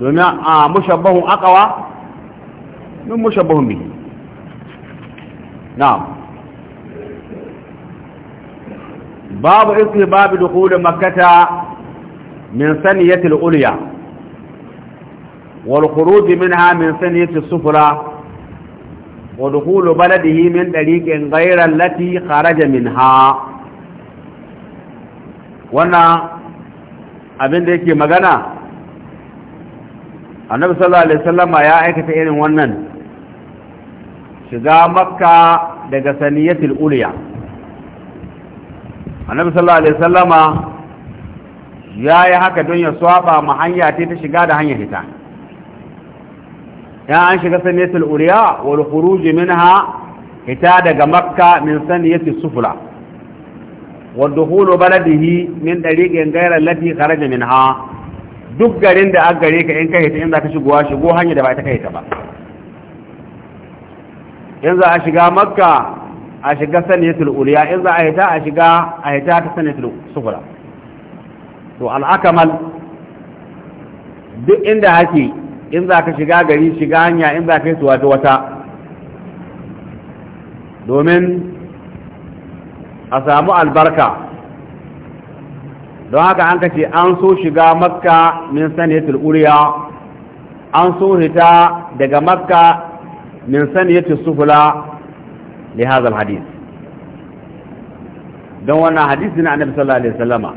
domin a ah, mushabbahun akawa min mushabbahun bihi na'am babu isi babu dukulu makkata min saniyatil ulya wal khuruj minha min saniyatis sufla wa dukulu baladihi min dariqin ghayra allati kharaja minha wannan abin da yake magana annabi sallallahu alaihi wasallama ya aikata irin wannan shiga makka daga saniyatul uliya annabi sallallahu alaihi wasallama ya yi haka don ya swaba ma hanya ta ta shiga da hanyar hita ya an shiga saniyatul uliya wal khuruj minha hita daga makka min saniyatul sufla wa dukhulu baladihi min dariqin ghayra allati kharaja minha duk garin da aka gare ka in kai ta in za ka shigowa shigo hanya da ba ta kai ta ba in za a shiga makka a shiga sanatul uliya in za a ta a shiga a yi ta sanatul sufura to al'akamal duk inda hake in za ka shiga gari shiga hanya in za ka yi suwa wata domin a samu albarka don haka an kace an so shiga makka min saniyatul uriya an so hita daga makka min saniyatul sufula li hadha alhadith don wannan hadisi na annabi sallallahu alaihi wasallama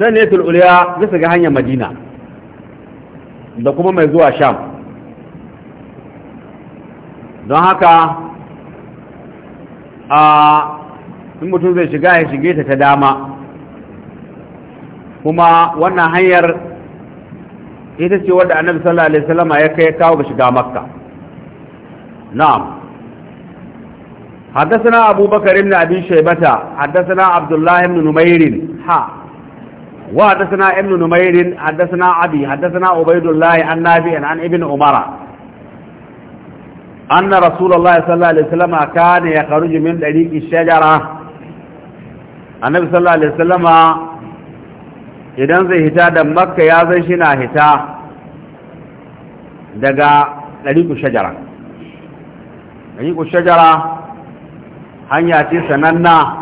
saniyatul uriya bisa ga hanyar madina da kuma mai zuwa sham don haka a in mutum zai shiga ya shige ta ta dama kuma wannan hanyar ita ce wadda annabi sallallahu alaihi wasallam ya kai kawo ga shiga makka na'am حدثنا أبو بكر بن أبي شيبة حدثنا عبد الله بن نمير ها وحدثنا ابن نمير حدثنا أبي حدثنا عبيد الله عن نافع عن ابن عمر أن رسول الله صلى الله عليه وسلم كان يخرج من طريق الشجرة النبي صلى الله عليه وسلم idan zai hita da makka ya zai shi hita daga ɗariƙu shajara ɗariƙu shajara hanya ce sananna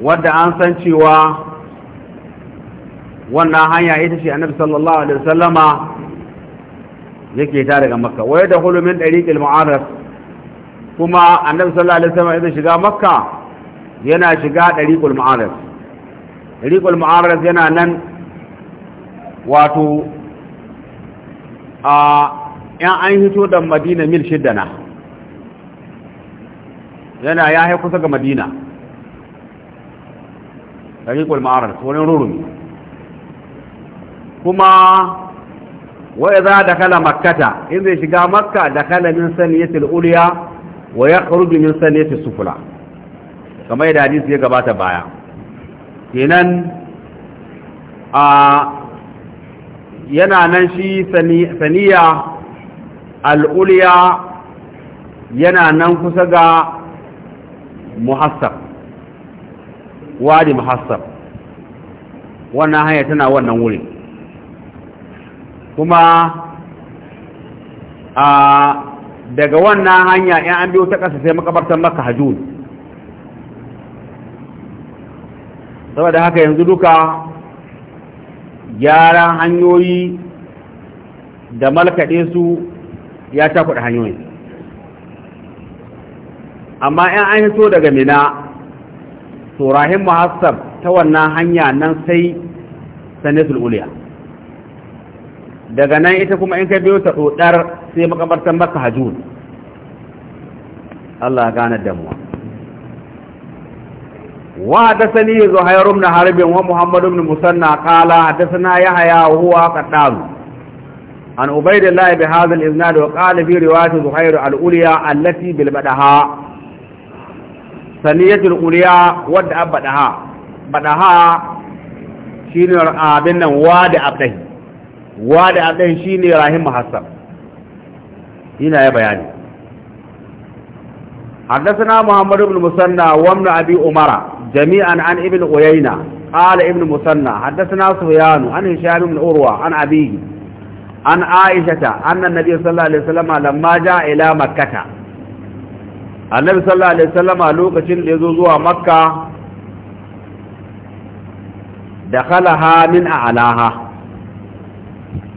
wadda an san cewa wannan hanya ita ce annabi sallallahu yake ta daga makka wa da hulumin ɗariƙil mu'arar kuma annabi sallallahu alaihi wasallam idan shiga makka yana shiga ɗariƙul mu'arar ɗariƙul mu'arar yana nan wato a yan an hito da madina mil shidda na yana ya kusa ga madina ɗariƙul mu'arar wani rurumi kuma وإذا دخل مكة إذا شقى مكة دخل من سنية الأولياء ويخرج من سنية السفلى كما إذا حديث يقبات بايا كنان آه ينا ننشي سنية الأولياء ينا ننفسق محصر وادي محصر wannan hanya tana wannan wurin kuma a daga wannan hanya in an biyo ta ƙasa sai makabartar maka hajjun saboda haka yanzu duka gyaran hanyoyi da malkaɗe su ya kuɗa hanyoyi amma in an hito daga mina tsorahin muhassab ta wannan hanya nan sai sanisul uliya daga nan ita kuma in ka biyo ta tsotsar sai makamartan maka hajjun Allah gane damuwa wa da sani ya umar harbin wa muhammadu bin musanna kala da sana ya haya huwa kaddalu an ubaidu lai bi hazin izina da kala bi riwata zuhairu al'uriya allafi bil badaha saniyatul uriya wadda abbadaha badaha shi abin nan wa da abdahi wada a ɗan shi ne rahimu ina ya bayani haddasana muhammad ibn musanna wamna abi umara jami'an an ibn uyayna qala ibn musanna haddasana suyanu an hisham ibn an abi an aishata anna nabi sallallahu alaihi wasallam lamma jaa ila makkata annabi sallallahu alaihi wasallam lokacin da ya zo zuwa makka da dakhalaha a a'laha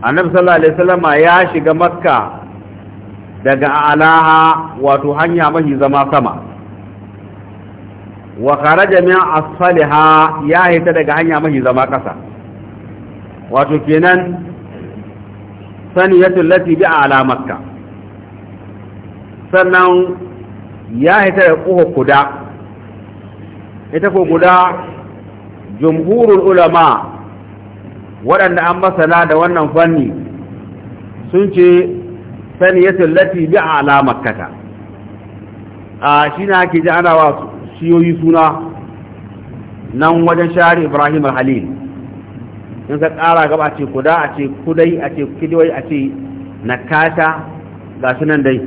annabi sallallahu alaihi wasallam ya shiga makka daga alaha wato hanya mafi zama sama wa kharaja min asfaliha ya hita daga hanya mafi zama kasa wato kenan saniyatu lati bi ala makka sannan ya hita da kuhu kuda ita ko guda jumhurul ulama waɗanda an masana da wannan fanni sun ce saniyatul lati bi ala makkata a shine ake ji ana wa siyoyi suna nan wajen shari ibrahim al-halil in ka ƙara gaba a ce kuda a ce kudai a ce kidwai a ce nakata ga sunan dai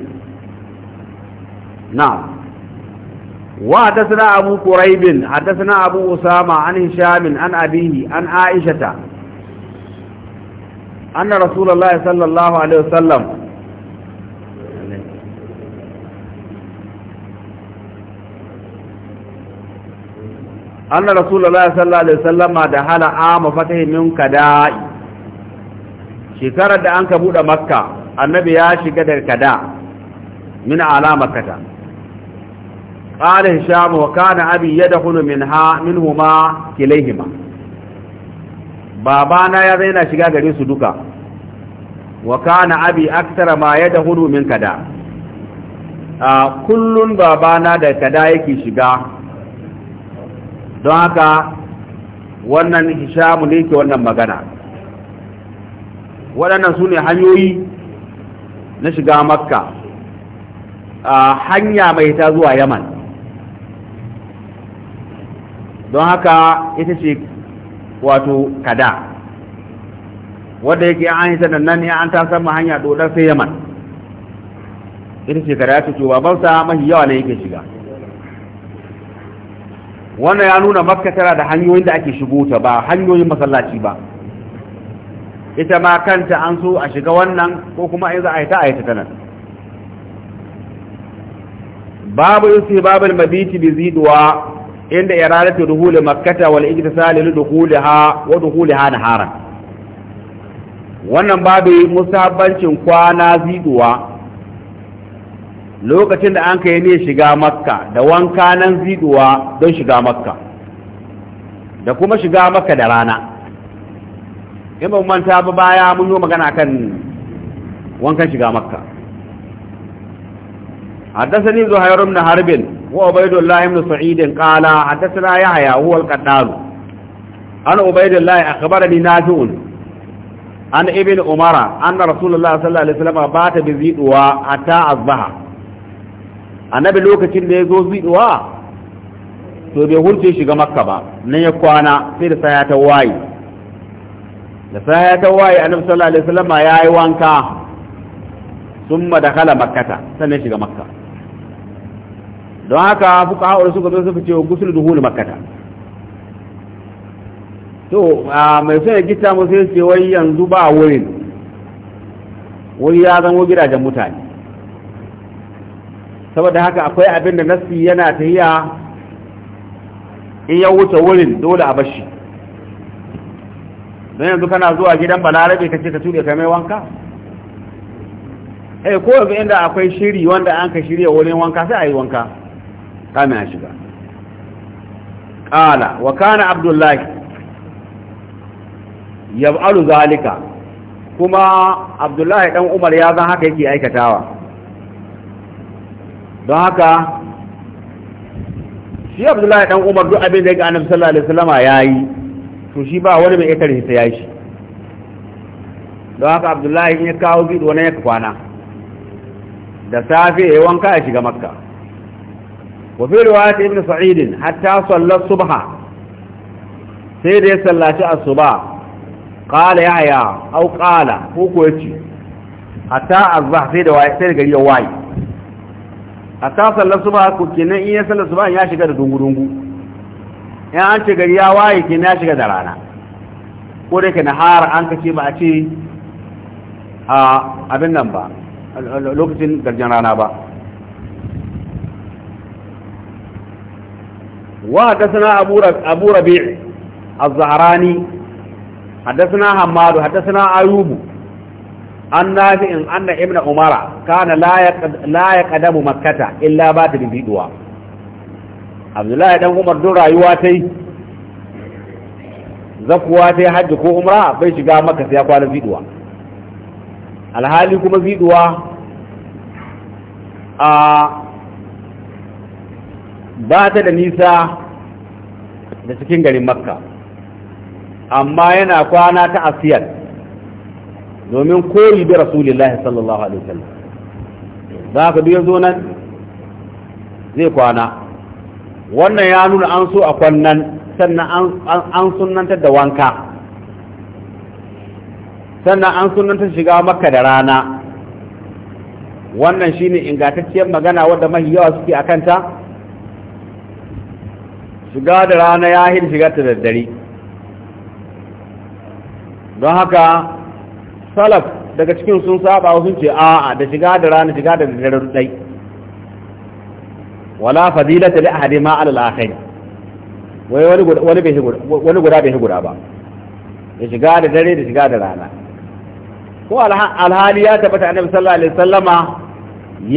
na'am وحدثنا أبو قريب حدثنا أبو أسامة عن هشام عن أبيه عن عائشة anna rasulullahi sallallahu alaihi wasallam anna rasulullahi sallallahu alaihi wasallam da hala min kada'i shekarar da an ka bude makka annabi ya shiga da kada min alama kata قال هشام وكان أبي يدخل منها منهما كليهما babana ya zaina shiga gare su duka wa kana abi aktara ma ya da hudu min kada a kullun babana da kada yake shiga don haka wannan hishamu ne ke wannan magana waɗannan su ne hanyoyi na shiga makka a hanya mai ta zuwa yaman don haka ita ce wato kada wanda yake an yi da nan ya an ta sama hanya dodar sai yaman ita ce kada ce cewa bauta mafi yawa ne yake shiga wannan ya nuna makka tara da hanyoyin da ake shigo ta ba hanyoyin masallaci ba ita ma kanta an so a shiga wannan ko kuma in za a yi ta a yi ta nan babu yusi babul mabiti bi ziduwa inda iradatu dukhul makkata wal iktisal li dukhulha wa dukhulha nahara wannan babu musabbancin kwana ziduwa lokacin da an kai ne shiga makka da wanka nan ziduwa don shiga makka da kuma shiga makka da rana in ba manta ba baya mun yi magana kan wankan shiga makka حدثني زهير na harbin. وعبيد الله بن سعيد قال حدثنا يحيى هو القدام أنا عبيد الله أخبرني نافع عن ابن عمر أن رسول الله صلى الله عليه وسلم بات بزيدوا حتى أصبح annabi lokacin da ya zo zuwa to bai hulce ga makka ba nan ya kwana sai da saya ta waye da saya ta waye annabi sallallahu alaihi wasallam ya yi wanka summa kala makkata sannan shiga makka don haka fuka haɗu suka zo suka ce gusul duhul makata. to mai son ya gita mu sai ce wai yanzu ba wurin wuri ya zama gidajen mutane saboda haka akwai abin da nasi yana tahiya in ya wuce wurin dole a bashi don yanzu kana zuwa gidan balarabe ka ce ka tuɗe ka mai wanka eh ko yanzu inda akwai shiri wanda an ka shirya wurin wanka sai a yi wanka kame ya shiga ƙala wa kana abdullahi yab'alu zalika kuma abdullahi ɗan umar ya zan haka yake aikatawa don haka shi abdullahi ɗan umar duk abin da ya ga annabi sallallahu alaihi wasallama yayi to shi ba wani mai ya karhi yayi shi don haka abdullahi in ya kawo gido wani ya kwana da safe ya wanka ya shiga makka وفي رواية ابن سعيد حتى صلى الصبح سيد سيدي صلى الصباح قال يا عيا أو قال هو كويتي حتى أصبح سيد سيدي قال يواي حتى صلى الصبح كنا إيا صلى الصبح ياشي قد دنگو دنگو يعني أنت قال يواي كنا ياشي قد رانا كوريك نهار أنت كيما أتي abin nan ba lokacin garjan rana ba وحدثنا أبو, رب... أبو ربيع الزهراني حدثنا حماد حدثنا أيوب عن نافع أن ابن عمر كان لا لا يقدم مكة إلا بعد بدوا عبد الله بن عمر دون رايواتي zakuwa ta hajji ko umra bai shiga maka sai ya kwana fiduwa alhali kuma fiduwa a ba ta da nisa da cikin garin makka amma yana kwana ta asiyar domin koyi bi rasulullahi sallallahu alaihi wasallam za ka biyo zo nan zai kwana wannan ya nuna an so a kwannan sannan an sunantar da wanka sannan an sunanta shiga Makka da rana wannan shine ingantacciyar magana wadda mahi yawa suke a kanta shiga da rana ya hin shiga ta daddare don haka salaf daga cikin sun saba sun ce a'a da shiga da rana shiga da daddare dai wala fadilata li ahadi ma ala al-akhir wai wani wani bai shiga wani guda bai guda ba ya shiga da dare da shiga da rana ko alhali ya tabbata annabi sallallahu alaihi wasallama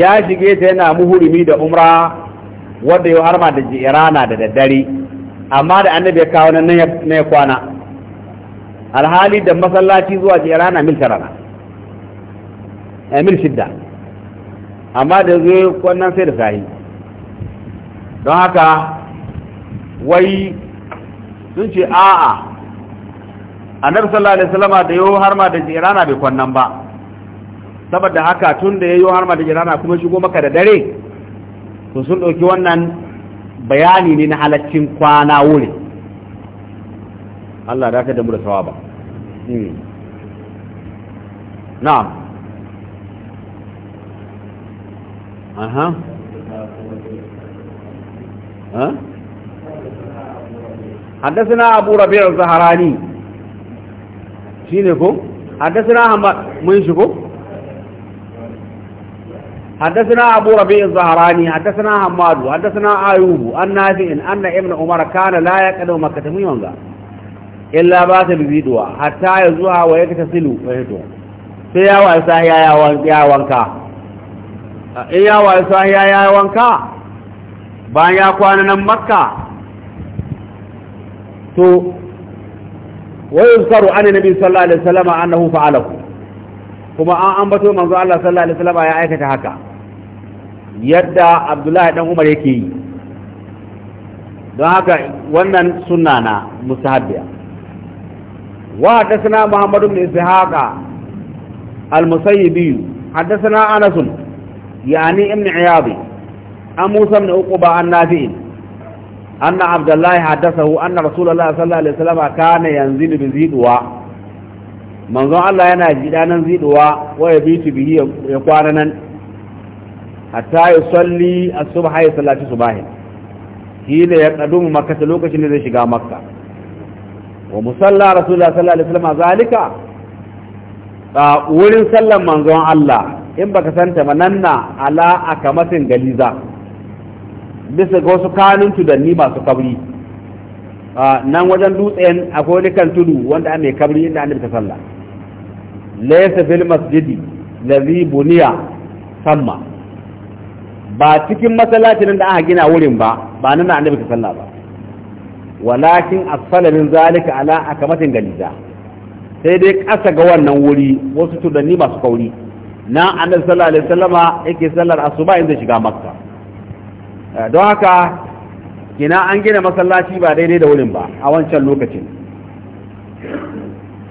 ya shige ta yana muhurimi da umra wanda ya harma da jirana da daddare amma da annabi ya kawo nan na ya kwana alhali da masallaci zuwa jirana mil tarana eh, mil shidda amma da zai kwanan sai da sahi don haka wai sun ce a'a annabi sallallahu alaihi wasallam da yau harma da jirana bai kwannan ba saboda haka tun da yayyo harma da jirana kuma shigo maka da dare to sun ɗauki wannan bayani ne na halaccin kwana wuri Allah da ka damu da ba. Hmm. na'am aha حدثنا أبو ربيع الزهراني شينكو حدثنا أحمد شكو حدثنا أبو ربيع الزهراني حدثنا حماد حدثنا أيوب عن نافع أن ابن عمر كان لا يقدم مكة ميونغا إلا بات بزيدوا حتى يزوها ويكتسل فهدوا سيا وإساه يا وانكا إيا وإساه يا وانكا بان يقوانا مكة تو ويذكر عن النبي صلى الله عليه وسلم أنه فعله kuma an ambato manzo Allah sallallahu alaihi wasallam ya aikata haka yadda abdullahi dan umar yake yi don haka wannan sunna na musahabiya wa haddathana muhammad ibn ishaqa al-musayyibi haddathana anas yani ibn iyad an musa ibn uquba an nafi أن عبد الله حدثه أن رسول الله صلى الله عليه وسلم كان ينزل بزيدوا منظر الله ينزل أن ينزلوا ويبيت به يقوانا hatta ya salli a subha ya sallaci subahin ne ya kadumu makka ta lokacin da zai shiga makka wa musalla rasulullah sallallahu alaihi wasallam zalika ba wurin sallan manzon Allah in baka santa mananna ala akamatin galiza bisa ga wasu kanun tudanni masu kabri nan wajen dutsen akwai wani kan tudu wanda mai kabri inda annabi ta sallah laysa fil masjidi ladhi buniya samma ba cikin masallacin da aka gina wurin ba ba nan da annabi ka sallah ba walakin asfala zalika ala akamatin galiza sai dai ƙasa ga wannan wuri wasu tudanni masu kauri na annabi sallallahu alaihi wasallama yake sallar asuba inda shiga makka eh, don haka kina an gina masallaci ba daidai da wurin ba a wancan lokacin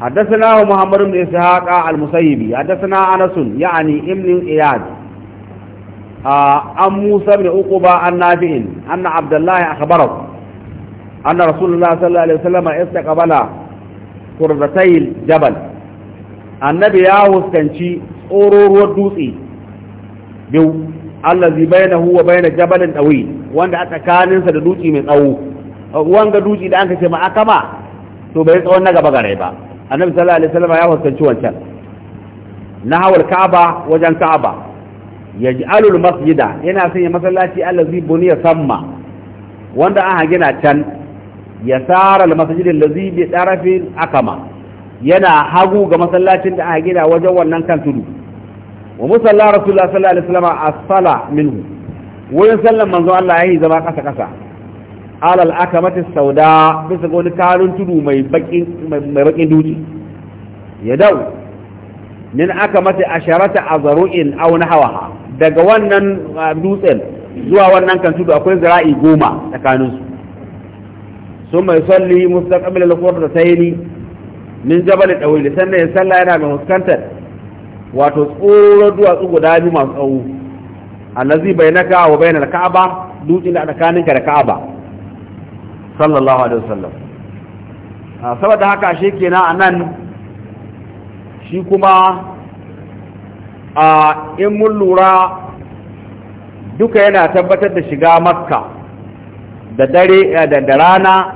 حدثنا محمد بن إسحاق المسيبي حدثنا أنس يعني ابن إياد an Musa bin Uquba an Nafi'in anna Abdullahi akhbarahu anna Rasulullah sallallahu alaihi wasallam istaqbala qurbatail jabal annabi ya huskanci tsororuwar dutse biyu allazi bainahu wa bain jabalin dawi wanda a tsakaninsa da dutse mai tsawo wanga dutse da aka ce ma akama to bai tsawon na gaba gare ba annabi sallallahu alaihi wasallam ya huskanci wancan na hawal ka'aba wajen ka'aba yaj'alu al-masjida yana sanya masallaci allazi buniya samma wanda aka gina can yasara al-masjid zai bi tarafin akama yana hagu ga masallacin da aka gina wajen wannan kan tudu wa musalla rasulullah sallallahu alaihi wasallam as-sala minhu wurin sallan manzo Allah yayi zama kasa kasa alal akamati sauda bisa ga wani karun tudu mai bakin mai bakin duji ya dau min akamati asharata azru'in aw nahawaha daga wannan ah, dutsen zuwa wannan kan tudu akwai zira'i goma tsakaninsu sun mai salli mustaqbil al-qurra sayni min jabal dawil sannan ya salla yana mai muskantar wato tsoro duwatsu guda biyu masu tsawo allazi bainaka wa bainal ka'aba dutsen da tsakaninka da ka'aba sallallahu alaihi wasallam ah, saboda haka shekenan anan shi kuma a in mun lura duka yana tabbatar da shiga makka da dare eh, da rana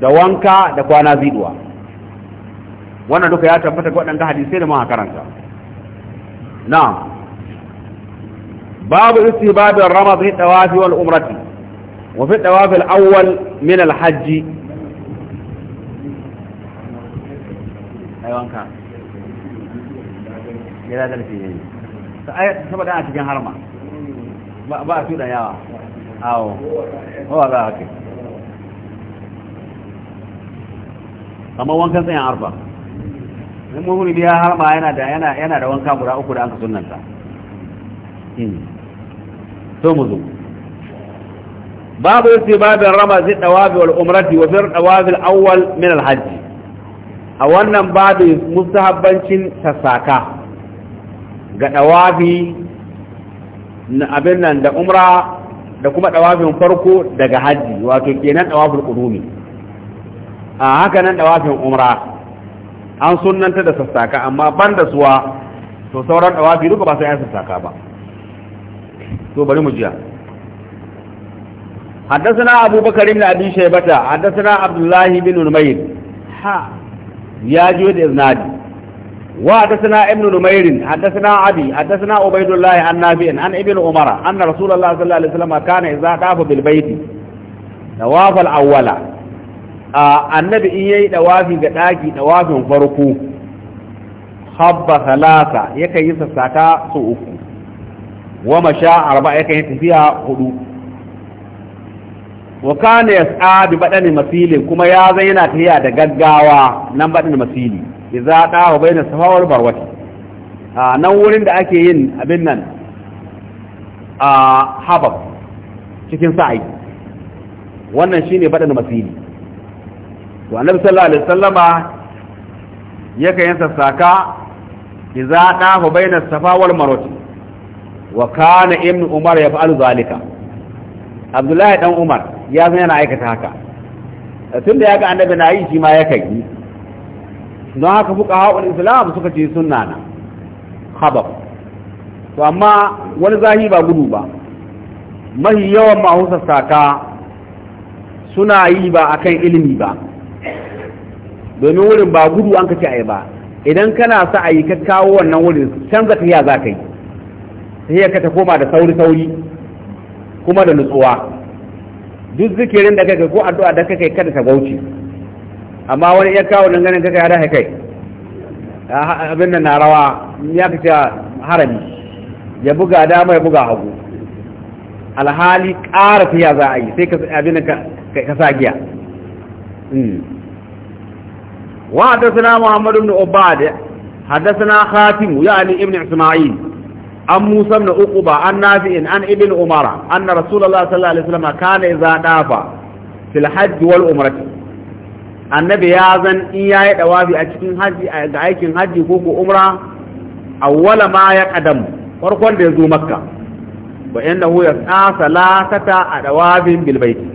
da wanka da kwana ziduwa wannan duka ya tabbata ga waɗanda hadisai da muka karanta Na, babu isi babu ramad fi tawaf wal umrati wafi fi tawaf awwal min alhaji. hajj wanka ya da ne saboda a cikin harma ba a tuda yawa awo ba za a kai kamar wankan tsayin arfa in muhuri biya harma yana da wanka guda uku da an ka sunanta so hmm. mu babu yasi babin rama zai dawabi wal umrati wa fir dawabi al-awwal min al-hajj a wannan babin mustahabbancin tasaka ga ɗawafi na abin nan da umra da kuma ɗawafin farko daga hajji, wato kenan ɗawafin qudumi a haka nan ɗawafin umra an sunanta da sassaka amma ban da suwa to sauran ɗawafi duka ba sai an sassaka ba to bari mu jiya حدثنا أبو بكر بن أبي شيبة حدثنا عبد الله بن نمير ها يا جود إذنادي وحدثنا ابن نمير حدثنا عدي حدثنا عبيد الله عن نافع عن ابن عمر أن رسول الله صلى الله عليه وسلم كان إذا طاف بالبيت طواف الأول annabi in yayi dawafi ga daki dawafin farko habba salasa yakan yi sassaka su uku wa masha arba yakan yi tafiya hudu wa kana yas'a bi masilin kuma ya zaina tafiya da gaggawa nan baɗin masili idza da'a baina na safawar marwa a nan wurin da ake yin abin nan a habab cikin sa'i wannan shine badan masili to annabi sallallahu alaihi wasallama yakan yin sassaka idza da'a baina safawar wal marwa wa kana ibn umar ya yaf'alu zalika abdullahi dan umar ya zan yana aikata haka tunda ya ga annabi na yi shi ma ya kai don haka fuka haƙon islam suka ce sunna na habab to amma wani zahi ba gudu ba mahi yawan mahusa saka suna yi ba akan ilimi ba domin wurin ba gudu an ka ce a yi ba idan kana sa a yi ka kawo wannan wurin canza tafiya za ka yi yi ka ta koma da sauri-sauri kuma da nutsuwa duk zikirin da kai ko addu'a da kai kada ta gauce amma wani iya kawo dangane kaka ya dahe kai abin da na rawa ya kace harami ya buga dama ya buga hagu alhali ƙara fiya za a yi sai abin da ka sa giya hmm. wa hadathana muhammad ibn ubad hadathana khatim yani ibn isma'il an musa ibn uquba an nafi in an ibn umara anna rasulullah sallallahu alaihi wasallam kana idza dafa fil hajj wal umrah annabi ya zan in ya yi dawafi a cikin haji ga aikin haji ko ko umra awwala ma ya kadam farkon da ya zo makka wa innahu yas'a salatata a dawafin bil baiti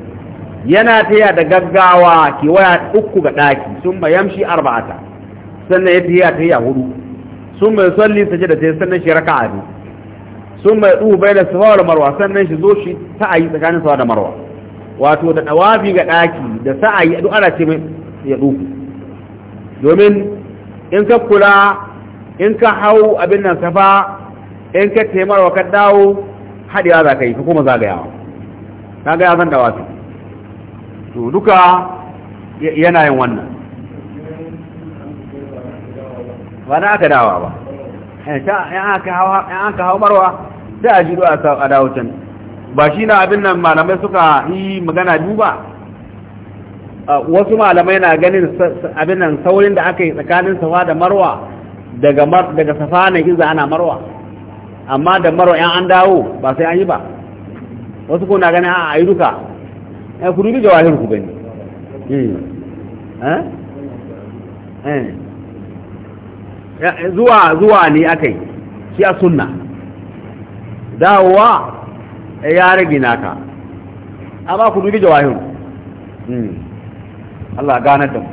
yana taya da gaggawa waya uku ga daki sun yamshi arba'ata sannan ya taya taya hudu sun mai salli sajada ta sannan shi raka'a ne sun mai duhu bai da safa da marwa sannan shi zo shi ta'ayi tsakanin safa da marwa wato da dawafi ga daki da sa'ayi duk ana ce mai ya duku domin in ka kula in ka hau abin nan safa in ka wa ka dawo haɗewa za ka yi ka kuma zagayawa ta gaya zan dawa su to duka yana yin wannan ba na aka dawa ba eh, in aka hau marwa sai a jiro a dawo can ba shi na abin nan malamai suka yi magana biyu ba wasu malamai na ganin abin nan saurin da aka yi tsakanin safa da marwa daga daga safa na iza ana marwa amma da marwa yan an dawo ba sai an yi ba wasu ko na ganin a ayi duka ai eh, ku dubi jawahir ku gani hmm. eh eh zuwa zuwa ne akai shi a sunna dawowa eh, ya rage naka amma ku dubi jawahir hmm. Allah gane da mu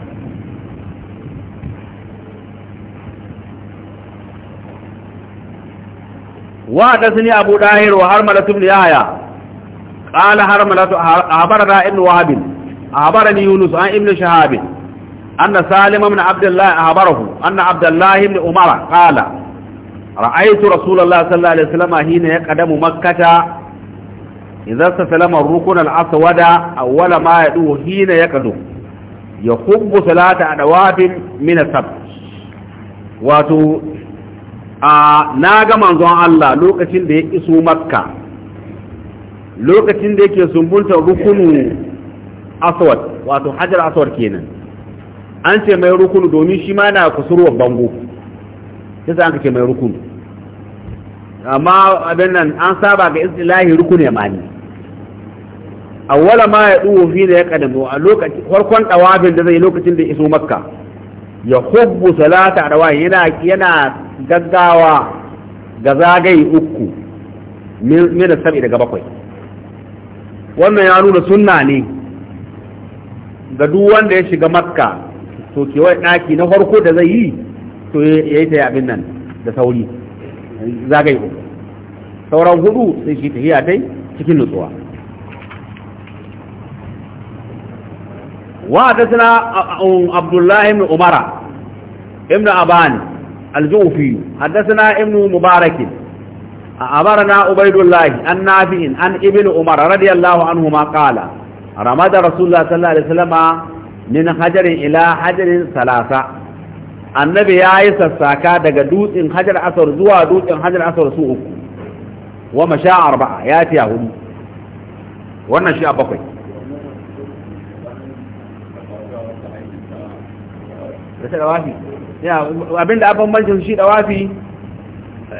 wa da sani abu dahir wa har malatu ibn yahya qala har malatu abara da ibn wahab abara ni yunus an ibn shahab anna salim ibn abdullah abarahu anna abdullah ibn umar qala رأيت رسول الله صلى الله عليه وسلم حين يقدم مكة إذا استسلم الركن الأسود أول ما يدوه حين يقدم Ya yahubbu salata a dawafin mina sab, wato a na ga manzon Allah lokacin da ya iso makka lokacin da yake sumbunta rukunu aswad wato hajar aswad kenan an ce mai rukunu domin shi ma na kusurwar bango sai an ce mai rukunu amma abin nan an saba ga istilahi ya yamani awwala ma ya duwo fi da ya kadamu a lokacin farkon dawabin da zai lokacin da iso makka ya hubbu salata rawa yana yana gaggawa ga zagaye uku min da sabi daga bakwai wannan ya nuna sunna ne ga duk wanda ya shiga makka to kewaye daki na farko da zai yi to ya yi ta abin nan da sauri zagaye uku sauran hudu sai shi tafiya dai cikin nutsuwa وحدثنا عبد الله بن عمر ابن أبان الجوفي حدثنا ابن مبارك أمرنا عبيد الله النافع عن ابن عمر رضي الله عنهما قال رمض رسول الله صلى الله عليه وسلم من حجر إلى حجر ثلاثة annabi ya yi sassaka daga dutsen hajar asar zuwa dutsen hajar asar su uku wa masha arba'a ya tiya hudu wannan shi a bakwai da ta dawafi abinda abin banci shi dawafi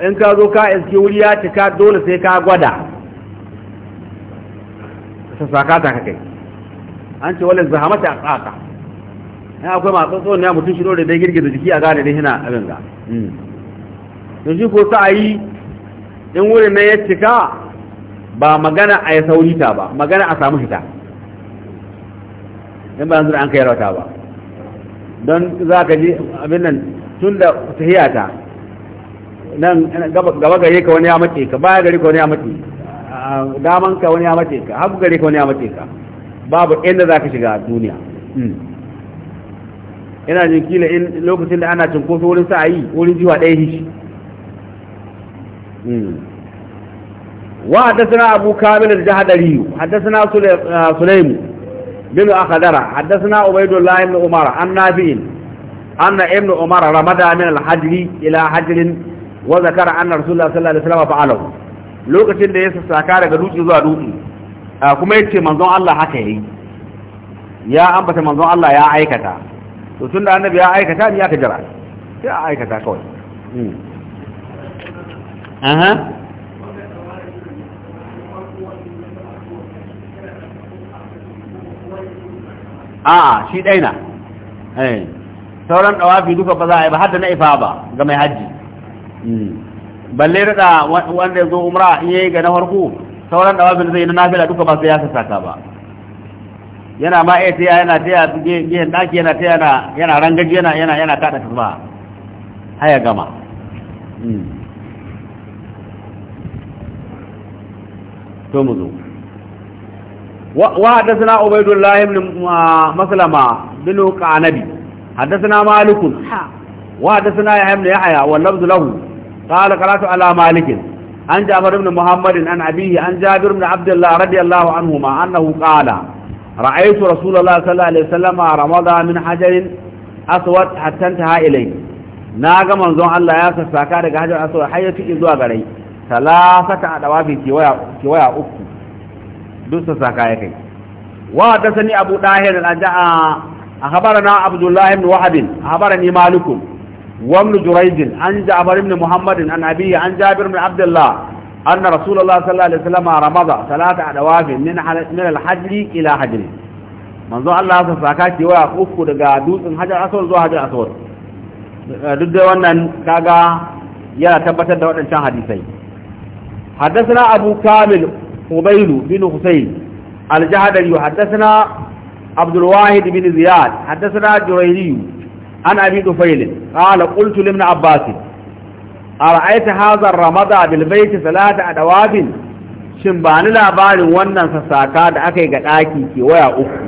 in ka zo ka iske wuri ya cika dole sai ka gwada saka ta ka kai an ce walin zahamata a tsaka ya akwai masu tsohon ya mutum shiro da dai girgiza jiki a gane dai hina abin ga da hmm. shi ko sa yi in wurin na ya cika ba magana a ya saurita ba magana a samu hita in ba yanzu da an kai rauta ba don za ka ji abin nan tun da tahiyata nan gaba gare ka wani ya mace ka baya gare ka wani ya mace daman ka wani ya mace ka hagu gare ka wani ya mace ka babu inda za ka shiga duniya hmm. ina jin kila in lokacin da ana cin kofi wurin yi, wurin jiwa ɗaya shi. Hmm. wa haddasa abu kamilu da Dariyu, haddasa na sulaimu بن أخدر حدثنا عبيد الله بن عمر عن نافع أن ابن عمر رمض من الحجر إلى حجر وذكر أن رسول الله صلى الله عليه وسلم فعله da ya daga dutse zuwa dutse a a'a shi ɗai na eh, sauran ɗawafi duka ba za a yi ba hadda na ifa ba ga mai hajji hmm. balle rada wanda ya zo umra in yayi ga na farko sauran ɗawafin zai yi na nafila duka ba sai ya sassaka ba yana ma iya taya yana taya biyan ɗaki yana taya yana rangaji yana yana yana kaɗa ta haya gama hmm. to mu zo وحدثنا عبيد الله بن مسلمة بن قعنبي حدثنا مالك وحدثنا يحيى بن يحيى واللفظ له قال قرأت على مالك عن جابر بن محمد عن أبيه عن جابر بن عبد الله رضي الله عنهما أنه قال رأيت رسول الله صلى الله عليه وسلم رمض من حجر أسود حتى انتهى إليه ناقا منظوم الله ياسر ساكارك حجر أسود حيث إذوا غري ثلاثة أدواب كوايا أكو duk sa saka ya kai wa hadathani abu dahir a ajaa akhbarana abdullah ibn wahab akhbarani malik wa ibn jurayj an ja'far ibn muhammad an abi an jabir ibn abdullah أن رسول الله صلى الله عليه وسلم رمض ثلاثة أدواف من من الحجر إلى حجر manzo Allah sa saka ki waya uku daga dutsen Hajar Aswad zuwa Hajar Aswad duk da wannan kaga yana tabbatar da waɗancan hadisai حدثنا أبو كامل فضيل بن حسين الجهدري حدثنا عبد الواحد بن زياد حدثنا جريري عن ابي na قال قلت لابن عباس ارايت هذا الرمضاء بالبيت ثلاثه ادواب shin ba ni labarin wannan sasaka da aka yi ga ɗaki ke waya uku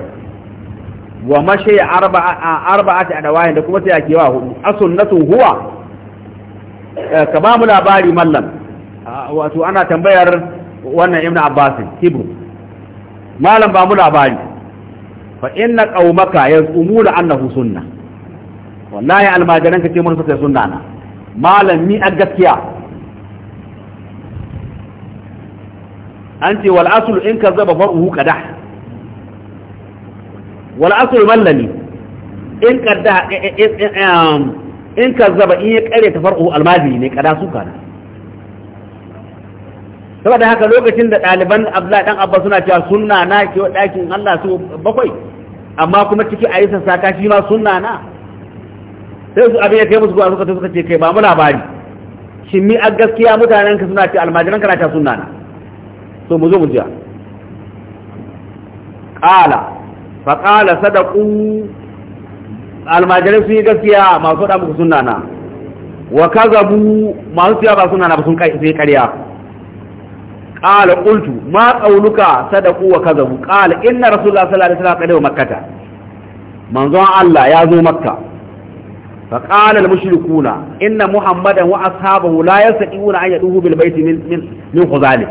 wa mashe arba a da wayan da kuma ta ke wa hudu a sunnatun huwa ka bamu mu labari mallam wato ana tambayar wannan ibn abbas kibru malam ba mu labari fa inna qaumaka yazumuna annahu sunna wallahi almajiran ka ce mun suka sunna na malam mi a gaskiya an ce wal aslu in kazzaba far'uhu qadah wal aslu mallami in kadda eh, eh, eh, um, in kazzaba in ya kare ta far'u almajiri ne kada su kana saboda haka lokacin da ɗaliban abdullahi dan abba suna cewa sunna na ke ɗakin allah su bakwai amma kuma ciki a yi sassaka shi ma sunna na sai su abin ya kai musu gwamnati suka suka ce kai ba mu labari shin mi a gaskiya mutanen ka suna cewa almajiran na cewa sunna na to mu zo mu jiya Ƙala, fa ƙala sadaku almajiran sun yi gaskiya masu da muku sunna na wa kazabu masu cewa ba sunna na ba sun kai sai ƙarya قال قلت ما قولك صدقوا وكذبوا قال إن رسول الله صلى الله عليه وسلم قدم مكة منظر الله يازو مكة فقال المشركون إن محمدا وأصحابه لا يستطيعون أن يدوه بالبيت من من من خزانه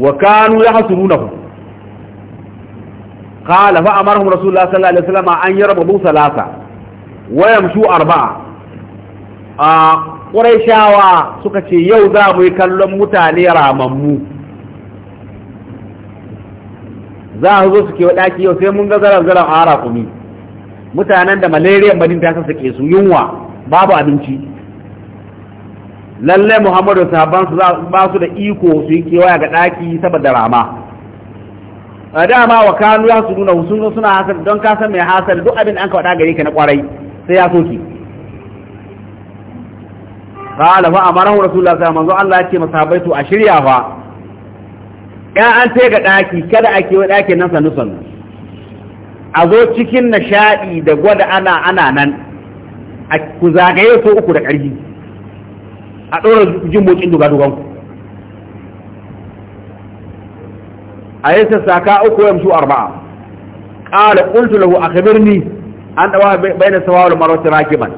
وكانوا يحصرونه قال فأمرهم رسول الله صلى الله عليه وسلم أن يربطوا ثلاثة ويمشوا أربعة آه ƙuraishawa suka ce yau za mu yi kallon mutane ramammu za a zo su kewa ɗaki yau sai mun ga zaren-zaren ara kumi mutanen da malaria malin ta sassaƙe su yunwa babu abinci lalle muhammadu sabon su ba su da iko su yi kewaya ga ɗaki saboda rama a dama wa kanu ya su nuna sun suna hasar don kasan mai hasar duk abin da an kawaɗa gare ka na kwarai sai ya soke kala fa amarahu rasulullah sallallahu alaihi wasallam Allah ya ce masahabai to a shirya fa ya an sai ga daki kada a kewa dakin nan sanu sanu a zo cikin nishadi da gwada ana ana nan a ku zagaye so uku da ƙarfi a ɗora jin bokin duga dugan ku a yi sassaka uku yamsu arba'a ƙala a lahu akhbirni an dawa bayna sawa wal marwa rakiban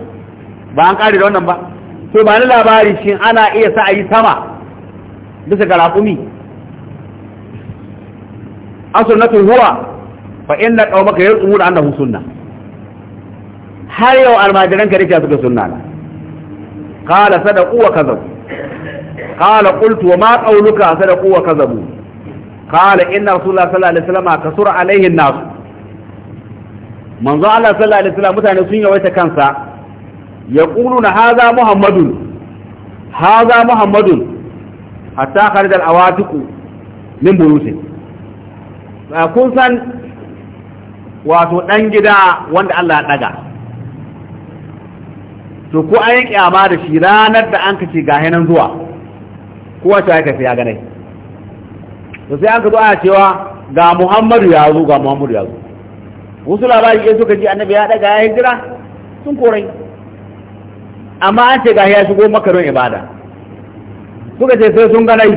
ba an ƙare da wannan ba to ba ni labari shi ana iya sa a yi sama bisa ga raƙumi asu na huwa fa inna qaumaka yarqumu da annahu sunna har yau almajiran ka rike suka sunna na qala sadaqu wa kadhabu qala qultu wa ma qawluka sadaqu wa kadhabu qala inna rasulullah sallallahu alaihi wasallam kasura alaihi an-nas manzo Allah sallallahu alaihi wasallam mutane sun yawaita kansa يقولون هذا محمد هذا محمد حتى خرج الأواتق من بيوته kun san wato ɗan gida wanda Allah ya ɗaga to ko an yi da shi ranar da an kace ga hainan zuwa kowa ta ya kafi ya ganai to sai an ka zuwa cewa ga Muhammadu ya zo ga Muhammadu ya zo wasu labari ke suka ji annabi ya ɗaga ya hijira sun korai amma an ce ga ya shigo makarin ibada suka ce sai sun ganai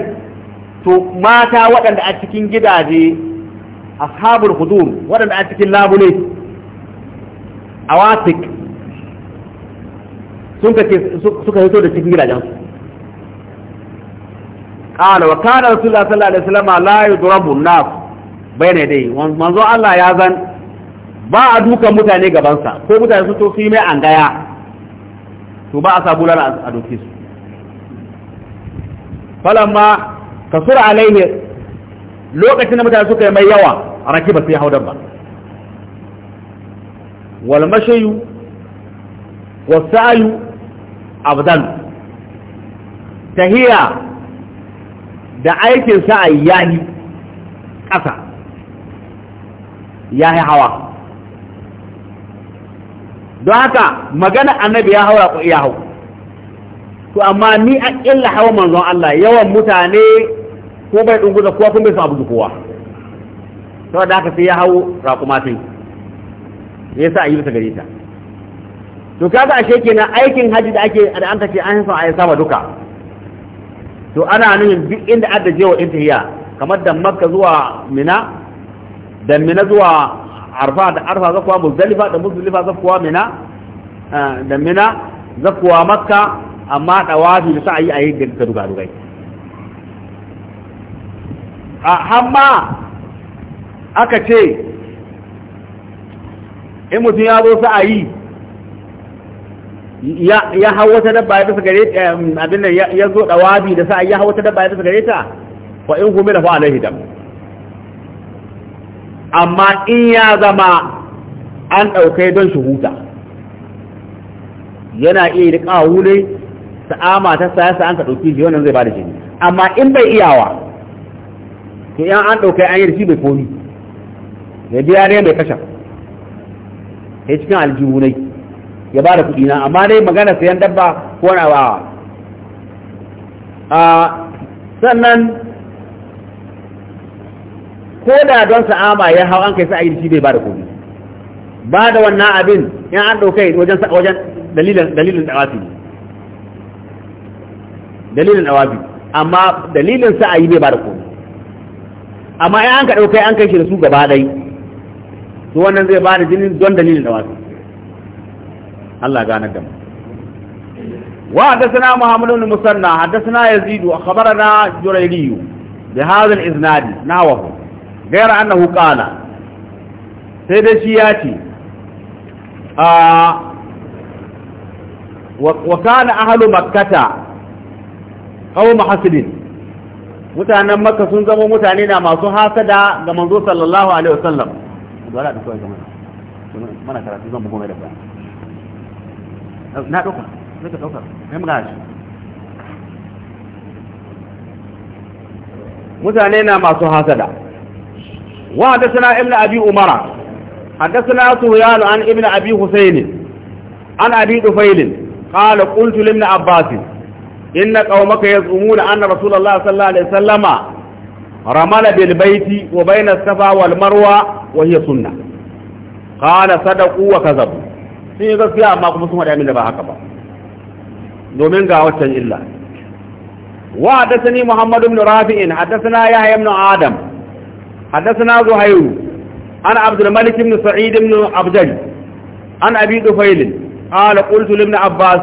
to mata waɗanda a cikin gidaje ashabul hudur waɗanda a cikin labule awatik sun kace suka hito da cikin gidajen su qala wa kana rasulullah sallallahu alaihi wasallam la yudrabu an-nas bayna dai, manzo Allah ya zan ba a dukan mutane gabansa ko mutane su to su mai mai angaya to ba a sa bulala a doke su falamma kasura alaihi lokacin da mutane suka yi mai yawa a raki ba su yi haudar ba. wal mashayu wa abdan tahiya da aikin sa'ayi yahi ƙasa yahi hawa don haka magana annabi ya hau ku iya hau to amma ni a illa hawa manzon Allah yawan mutane ko bai dunguza kowa kun bai su abu kowa saboda haka sai ya hau raƙumatin ya sa a yi bisa gare ta to kaga ashe kenan aikin haji da ake da an kace an san ayi sama duka to ana nuna duk inda adda je wa intihiya kamar da makka zuwa mina da mina zuwa arfa da arfa kuwa muzdalifa da muzdalifa kuwa mina eh, da mina kuwa makka amma wafi da sa'ayi a yi da dugai a amma aka ce in mutum ya zo sa'ayi ya hau wata dabba ya bisa gare ta eh, abin nan ya zo wafi da sa'ayi ya hau wata dabba ya bisa gare ta fa in humila fa hidam. dam amma in ya zama an ɗaukai don shi huta yana iya da ƙawo ne sa'ama ta sayasa an ka ɗauki shi wannan zai ba da shi amma in bai iyawa to yan an ɗaukai an yi da shi bai komi ya biya ne mai kashe ya cikin aljihu ne ya ba da kuɗi na amma dai magana sayan dabba ko na ba sannan ko da don sa'ama ya hau an kai sa'ayi shi bai ba da komi ba da wannan abin in an ɗaukai wajen wajen dalilin dalilin dawafi dalilin dawafi amma dalilin sa'ayi bai ba da komi amma in an ka ɗaukai an kai shi da su gaba ɗai to wannan zai ba da jinin don dalilin dawafi Allah gane da mu musanna محمد yazid wa حدثنا يزيد bi hadha al الإسناد nawahu dai shi ya سيدشياتي آه وكان أهل مكة قوم حسد mutanen makka sun zama mutane na masu hasada ga manzo sallallahu alaihi wasallam mutane na masu hasada وحدثنا ابن أبي أمرا حدثنا سهيان عن ابن أبي حسين عن أبي دفيل قال قلت لابن عباس إن قومك يزعمون أن رسول الله صلى الله عليه وسلم رمل بالبيت وبين الصفا والمروة وهي سنة قال صدقوا وكذبوا sun yi gaskiya amma kuma sun haɗa min da ba haka ba domin ga waccan illa wa haddathani muhammad ibn rafi'in haddathana yahya ibn adam حدثنا زهير عن عبد الملك بن سعيد بن عبدل عن أبي دفيل قال قلت لابن عباس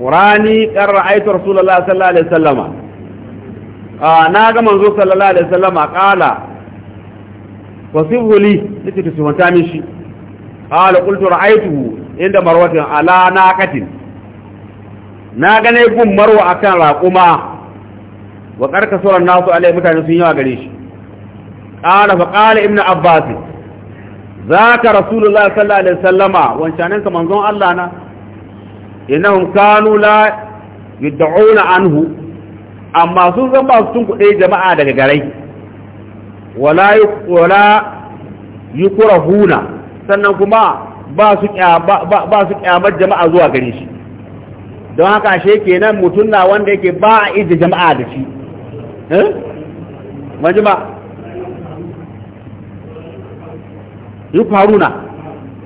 قراني قد رأيت رسول الله صلى الله عليه وسلم ناغ منظور صلى الله عليه وسلم قال وصفه لي لكي تسفنتا من شيء قال قلت رأيته عند مروة على ناقة ناغ نيكم مروة أكان راقما وقد كسر الناس عليه متى نسيني وقريش ƙara fa ƙara ibn abbas za ka rasulullah sallallahu alaihi wasallama wancanin ka manzon Allah na innahum kanu la yad'una anhu amma sun zan ba su jama'a daga garai wala wala yukrahuna sannan kuma ba su kyamar jama'a zuwa gare shi don haka ashe kenan mutum na wanda yake ba a ije jama'a da shi yuqharuna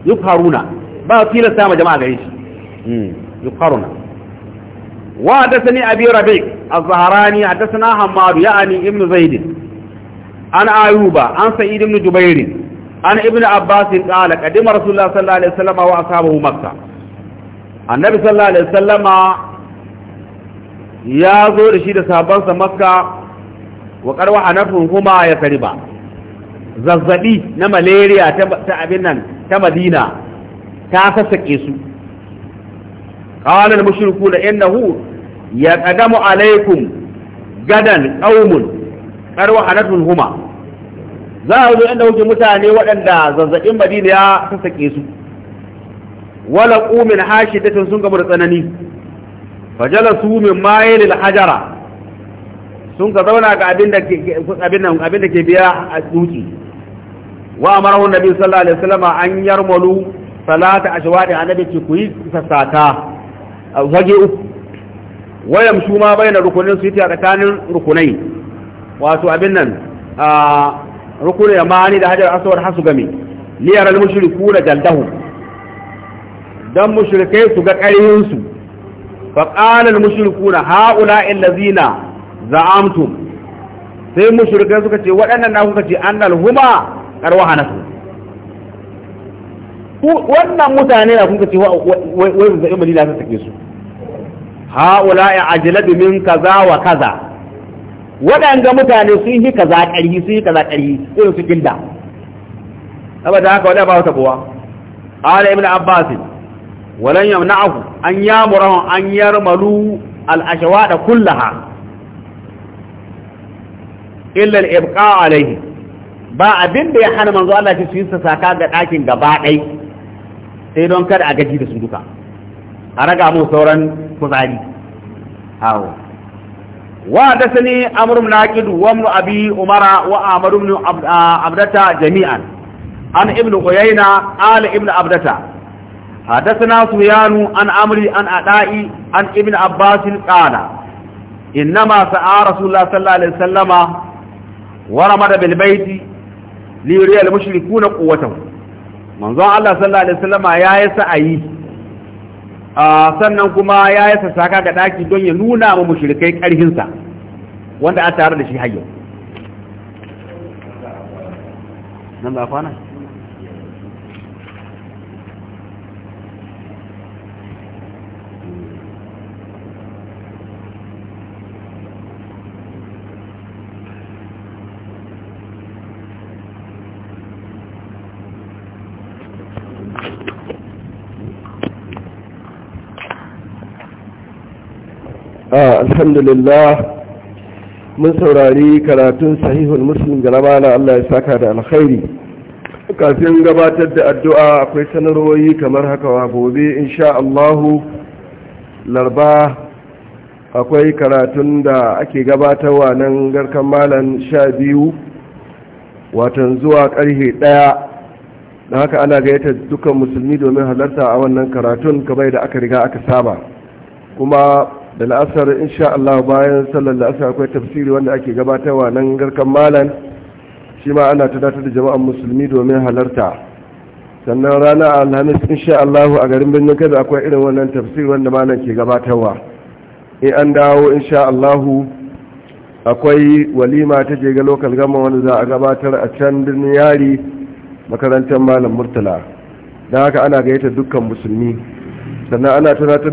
yuqharuna ba tilasta ma jama'a gare shi hmm, yuqharuna wa hadathani abi rabi' az-zahrani hadathana hammad ya'ni ibn zaid an ayuba an sa'id ibn jubair an ibn abbas qala qadima rasulullah sallallahu alaihi wasallam wa ashabahu makkah annabi sallallahu alaihi wasallama ya zo da shi da sabansa makka wa karwa hanafin kuma ya kariba zazzabi na malaria ta abin nan ta madina ta sassaƙe su ƙawalar mashirku da innahu ya kadamu alaikum gadan ƙaumun ƙarwa a huma za a zo inda wuce mutane waɗanda zazzabin madina ya sassaƙe su wala ƙumin hashi ta sun gaba da tsanani fajala su min mayilil hajara sun ka zauna ga abin da ke biya a tsuki wa amarahu annabi sallallahu alaihi wasallam an yarmalu salata ashwadi annabi ce ku yi sassata a waje uku wayam su ma bayyana rukunin su yi a tsakanin rukunai wato abin nan a rukun yamani da hajar aswar hasu game liyar al-mushriku da jaldahu dan mushrikai su ga ƙarfin su fa qala al-mushrikuna haula allazina za'amtum sai mushrikai suka ce waɗannan na kuka ce annal huma karwaha nasu wannan mutane na kun kace wai zaɓi madina ta sake su haula ya ajlabi min kaza wa kaza Waɗanda mutane sun yi kaza ƙarhi sun yi kaza ƙarhi irin su gilda saboda haka wadda ba wata kowa ala ibn abbas walan yamna'ahu an yamurahu an yarmalu al da kullaha illa al-ibqa alayhi ba abin da ya hana manzo Allah ce su yi saka ga ɗakin gaba ɗai sai don kada a gaji da su duka a raga mu sauran kuzari hawo wa da sani amr ibn aqid wa ibn abi umara wa amr ibn abdata jami'an an ibn uyayna al ibn abdata حدثنا سفيان عن عمرو عن ادائي عن ابن عباس قال انما sa'a رسول sallallahu alaihi الله عليه وسلم ورمد بالبيت li yuriyal mushrikuna quwwatahu manzon Allah sallallahu alaihi ya yayi sa'ayi ah, sannan kuma ya yayi saka ga daki don ya nuna ma mushrikai karfin sa wanda a tare da shi hayyau. nan ba kwana alhamdulillah mun saurari karatun sahihul muslim ga na Allah ya saka da alkhairi kafin gabatar da addu'a akwai sanarwoyi kamar haka wa gobe insha Allahu larba akwai karatun da ake gabatarwa nan garkan malan sha biyu watan zuwa karhe ɗaya da haka ana gayyata dukkan musulmi domin halarta a wannan karatun kamar da aka riga aka saba kuma da la'asar insha'Allah, Allah bayan sallar la'asar akwai tafsiri wanda ake gabatarwa nan garkan malan shi ma ana tunatar da jama'an musulmi domin halarta sannan rana, alhamis insha'Allah, Allah a garin birnin kada akwai irin wannan tafsiri wanda malan ke gabatarwa in an dawo insha'Allah, Allah akwai walima ta je ga lokal gama wanda za a gabatar a can birnin yari makarantar malam murtala don haka ana gayyata dukkan musulmi sannan ana tunatar